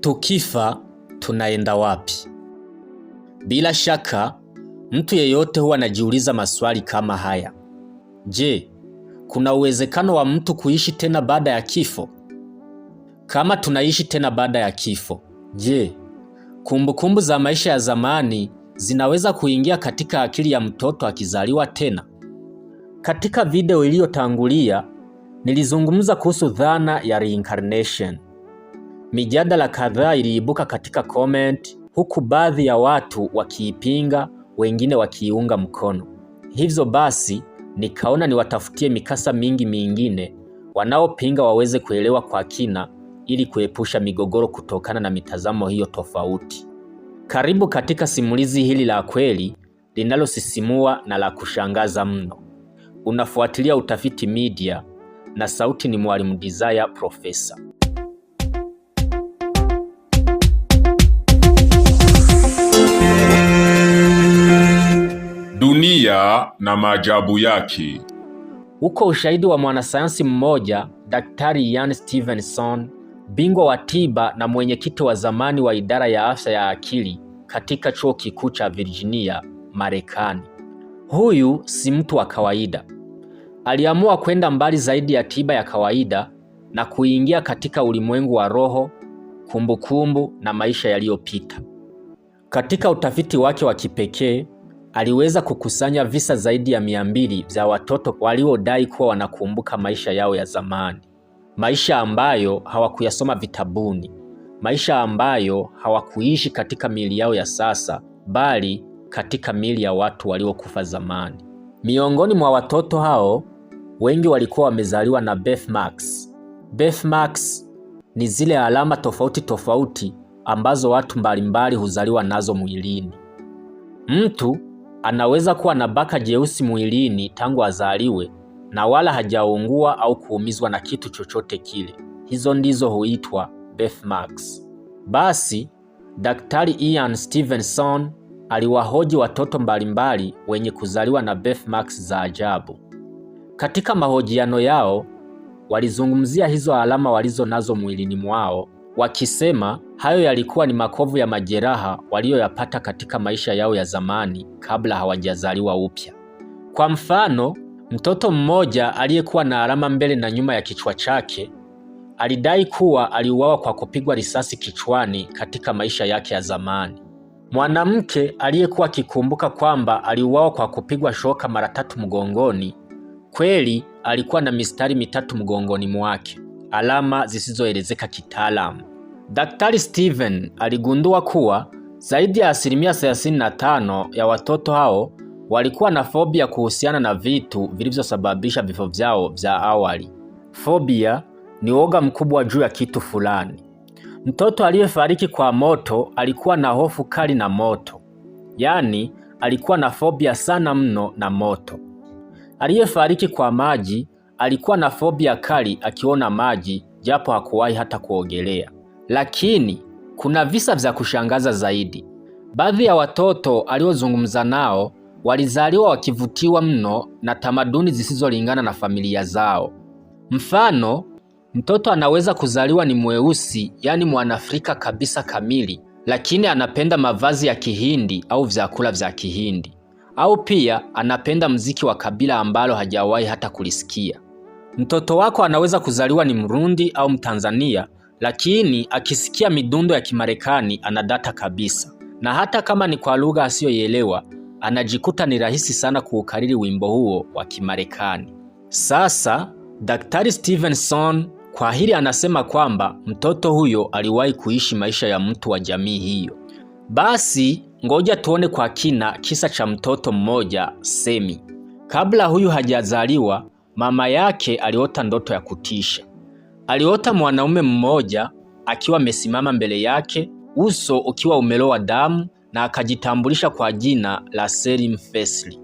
Tukifa tunaenda wapi? Bila shaka mtu yeyote huwa anajiuliza maswali kama haya. Je, kuna uwezekano wa mtu kuishi tena baada ya kifo? Kama tunaishi tena baada ya kifo, je, kumbukumbu za maisha ya zamani zinaweza kuingia katika akili ya mtoto akizaliwa tena? Katika video iliyotangulia nilizungumza kuhusu dhana ya reincarnation. Mijadala kadhaa iliibuka katika comment, huku baadhi ya watu wakiipinga, wengine wakiiunga mkono. Hivyo basi nikaona niwatafutie mikasa mingi mingine wanaopinga waweze kuelewa kwa kina ili kuepusha migogoro kutokana na mitazamo hiyo tofauti. Karibu katika simulizi hili la kweli linalosisimua na la kushangaza mno. Unafuatilia Utafiti Media na sauti ni Mwalimu Desire Professor. Dunia na maajabu yake. Uko ushahidi wa mwanasayansi mmoja, Daktari Ian Stevenson, bingwa wa tiba na mwenyekiti wa zamani wa idara ya afya ya akili katika chuo kikuu cha Virginia, Marekani. Huyu si mtu wa kawaida. Aliamua kwenda mbali zaidi ya tiba ya kawaida na kuingia katika ulimwengu wa roho, kumbukumbu na maisha yaliyopita. Katika utafiti wake wa kipekee aliweza kukusanya visa zaidi ya mia mbili vya watoto waliodai kuwa wanakumbuka maisha yao ya zamani, maisha ambayo hawakuyasoma vitabuni, maisha ambayo hawakuishi katika miili yao ya sasa, bali katika miili ya watu waliokufa zamani. Miongoni mwa watoto hao wengi walikuwa wamezaliwa na birthmarks. Birthmarks ni zile alama tofauti tofauti ambazo watu mbalimbali huzaliwa nazo mwilini. Mtu Anaweza kuwa na baka jeusi mwilini tangu azaliwe na wala hajaungua au kuumizwa na kitu chochote kile. Hizo ndizo huitwa birthmarks. Basi Daktari Ian Stevenson aliwahoji watoto mbalimbali wenye kuzaliwa na birthmarks za ajabu. Katika mahojiano yao, walizungumzia hizo alama walizo nazo mwilini mwao wakisema Hayo yalikuwa ni makovu ya majeraha waliyoyapata katika maisha yao ya zamani kabla hawajazaliwa upya. Kwa mfano, mtoto mmoja aliyekuwa na alama mbele na nyuma ya kichwa chake alidai kuwa aliuawa kwa kupigwa risasi kichwani katika maisha yake ya zamani. Mwanamke aliyekuwa akikumbuka kwamba aliuawa kwa kupigwa shoka mara tatu mgongoni, kweli alikuwa na mistari mitatu mgongoni mwake, alama zisizoelezeka kitaalamu. Daktari Steven aligundua kuwa zaidi ya asilimia 35 ya watoto hao walikuwa na fobia kuhusiana na vitu vilivyosababisha vifo vyao vya awali. Fobia ni woga mkubwa juu ya kitu fulani. Mtoto aliyefariki kwa moto alikuwa na hofu kali na moto, yaani alikuwa na fobia sana mno na moto. Aliyefariki kwa maji alikuwa na fobia kali akiona maji, japo hakuwahi hata kuogelea. Lakini kuna visa vya kushangaza zaidi. Baadhi ya watoto aliozungumza nao walizaliwa wakivutiwa mno na tamaduni zisizolingana na familia zao. Mfano, mtoto anaweza kuzaliwa ni mweusi, yaani Mwanaafrika kabisa kamili, lakini anapenda mavazi ya Kihindi au vyakula vya Kihindi, au pia anapenda mziki wa kabila ambalo hajawahi hata kulisikia. Mtoto wako anaweza kuzaliwa ni Mrundi au Mtanzania, lakini akisikia midundo ya Kimarekani anadata kabisa, na hata kama ni kwa lugha asiyoielewa anajikuta ni rahisi sana kuukariri wimbo huo wa Kimarekani. Sasa Daktari Stevenson kwa hili anasema kwamba mtoto huyo aliwahi kuishi maisha ya mtu wa jamii hiyo. Basi ngoja tuone kwa kina kisa cha mtoto mmoja Semi. Kabla huyu hajazaliwa, mama yake aliota ndoto ya kutisha aliota mwanaume mmoja akiwa amesimama mbele yake, uso ukiwa umelowa damu, na akajitambulisha kwa jina la Selim Fesli.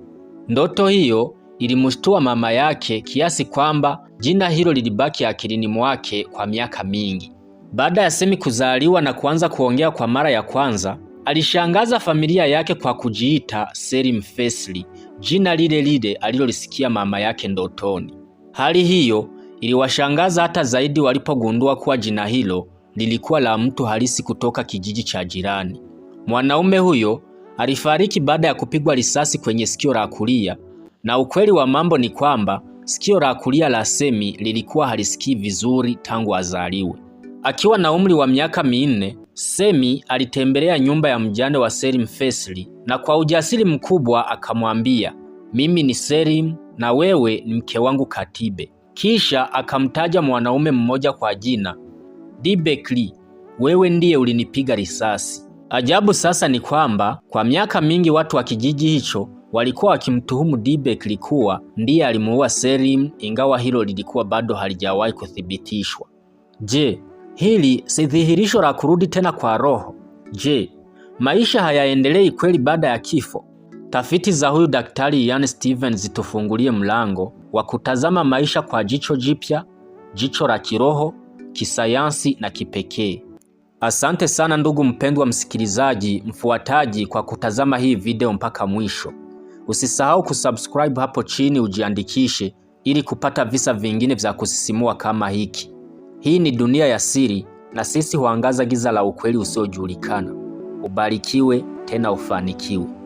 Ndoto hiyo ilimshtua mama yake kiasi kwamba jina hilo lilibaki akilini mwake kwa miaka mingi. Baada ya Semi kuzaliwa na kuanza kuongea kwa mara ya kwanza, alishangaza familia yake kwa kujiita Selim Fesli, jina lile lile alilolisikia mama yake ndotoni. Hali hiyo Iliwashangaza hata zaidi walipogundua kuwa jina hilo lilikuwa la mtu halisi kutoka kijiji cha jirani. Mwanaume huyo alifariki baada ya kupigwa risasi kwenye sikio la kulia, na ukweli wa mambo ni kwamba sikio la kulia la Semi lilikuwa halisikii vizuri tangu azaliwe. Akiwa na umri wa miaka minne, Semi alitembelea nyumba ya mjane wa Selim Fesli na kwa ujasiri mkubwa akamwambia, mimi ni Selim na wewe ni mke wangu Katibe. Kisha akamtaja mwanaume mmoja kwa jina, Dibekli, wewe ndiye ulinipiga risasi. Ajabu sasa ni kwamba kwa miaka mingi watu wa kijiji hicho walikuwa wakimtuhumu Dibekli kuwa ndiye alimuua Selim, ingawa hilo lilikuwa bado halijawahi kuthibitishwa. Je, hili si dhihirisho la kurudi tena kwa roho? Je, maisha hayaendelei kweli baada ya kifo? Tafiti za huyu daktari Ian Stevens zitufungulie mlango wa kutazama maisha kwa jicho jipya, jicho la kiroho, kisayansi na kipekee. Asante sana ndugu mpendwa msikilizaji, mfuataji kwa kutazama hii video mpaka mwisho. Usisahau kusubscribe hapo chini ujiandikishe ili kupata visa vingine vya kusisimua kama hiki. Hii ni Dunia ya Siri na sisi huangaza giza la ukweli usiojulikana. Ubarikiwe tena ufanikiwe.